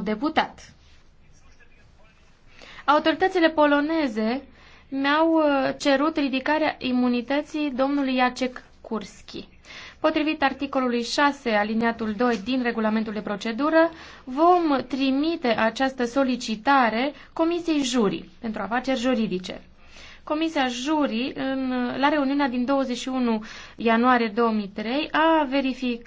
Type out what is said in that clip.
Deputat, Autoritățile poloneze mi-au uh, cerut ridicarea imunității domnului Iacek Kurski. Potrivit articolului 6, aliniatul 2 din regulamentul de procedură, vom trimite această solicitare Comisiei Jurii pentru afaceri juridice. Comisia Jurii, în, la reuniunea din 21 ianuarie 2003, a verificat